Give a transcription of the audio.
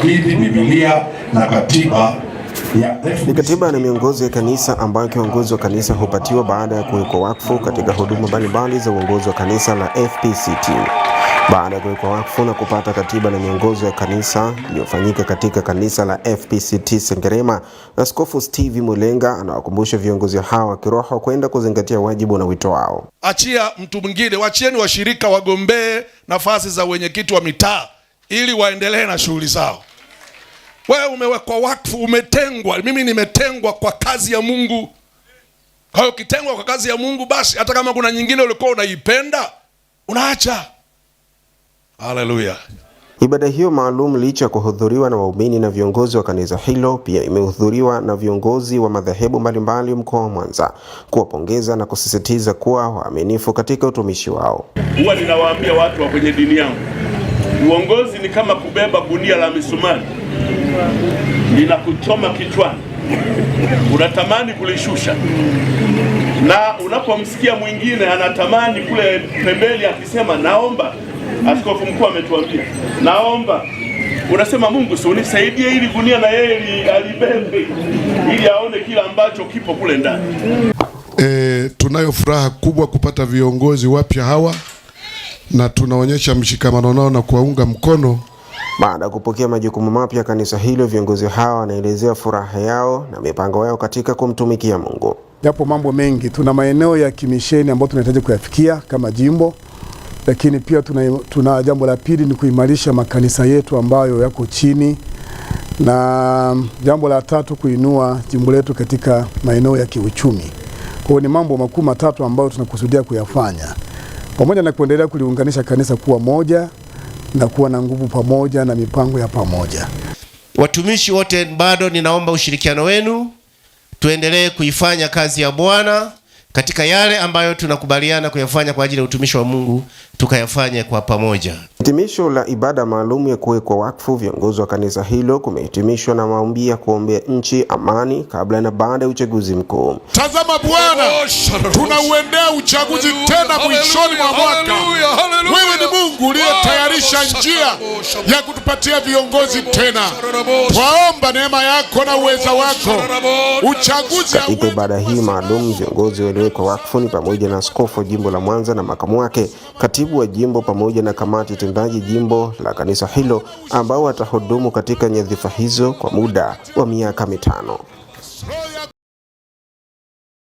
kuhifadhi Biblia na katiba ni katiba na miongozo ya kanisa ambayo kiongozi wa kanisa hupatiwa baada ya kuwekwa wakfu katika huduma mbalimbali za uongozi wa kanisa la FPCT. Baada ya kuwekwa wakfu na kupata katiba na miongozo ya kanisa iliyofanyika katika kanisa la FPCT Sengerema, Askofu Steve Mulenga anawakumbusha viongozi hao wa kiroho kwenda kuzingatia wajibu na wito wao. Achia mtu mwingine, wachieni washirika wagombee nafasi za wenyekiti wa mitaa ili waendelee na shughuli zao. Wewe umewekwa wakfu, umetengwa. Mimi nimetengwa kwa kazi ya Mungu. Kwa hiyo ukitengwa kwa kazi ya Mungu, basi hata kama kuna nyingine ulikuwa unaipenda unaacha. Haleluya! Ibada hiyo maalum licha ya kuhudhuriwa na waumini na viongozi wa kanisa hilo, pia imehudhuriwa na viongozi wa madhehebu mbalimbali mkoa wa Mwanza kuwapongeza na kusisitiza kuwa waaminifu katika utumishi wao. Huwa ninawaambia watu wa kwenye dini yangu, uongozi ni kama kubeba gunia la misumari linakuchoma kichwani, unatamani kulishusha, na unapomsikia mwingine anatamani kule pembeni akisema naomba, askofu mkuu ametuambia naomba unasema Mungu si unisaidie ili gunia na yeye alibembe ili aone kila ambacho kipo kule ndani. E, tunayo furaha kubwa kupata viongozi wapya hawa na tunaonyesha mshikamano nao na kuwaunga mkono baada ya kupokea majukumu mapya kanisa hilo, viongozi hao wanaelezea furaha yao na mipango yao katika kumtumikia Mungu. Yapo mambo mengi, tuna maeneo ya kimisheni ambayo tunahitaji kuyafikia kama jimbo, lakini pia tuna, tuna jambo la pili ni kuimarisha makanisa yetu ambayo yako chini, na jambo la tatu kuinua jimbo letu katika maeneo ya kiuchumi. Kwa hiyo ni mambo makuu matatu ambayo tunakusudia kuyafanya pamoja na kuendelea kuliunganisha kanisa kuwa moja na kuwa na nguvu pamoja na mipango ya pamoja. Watumishi wote, bado ninaomba ushirikiano wenu, tuendelee kuifanya kazi ya Bwana katika yale ambayo tunakubaliana kuyafanya kwa ajili ya utumishi wa Mungu tukayafanye kwa pamoja. Hitimisho la ibada maalum ya kuwekwa wakfu viongozi wa kanisa hilo kumehitimishwa na maombi ya kuombea nchi, amani kabla na baada ya uchaguzi mkuu. Tazama Bwana, tunauendea uchaguzi tena mwishoni mwa mwaka uliyetayarisha njia ya kutupatia viongozi tena. Twaomba neema yako na uweza wako uchaguzi. Katika ibada hii maalum viongozi waliowekwa wakfuni pamoja na askofu jimbo la Mwanza na makamu wake, katibu wa jimbo pamoja na kamati tendaji jimbo la kanisa hilo ambao watahudumu katika nyadhifa hizo kwa muda wa miaka mitano.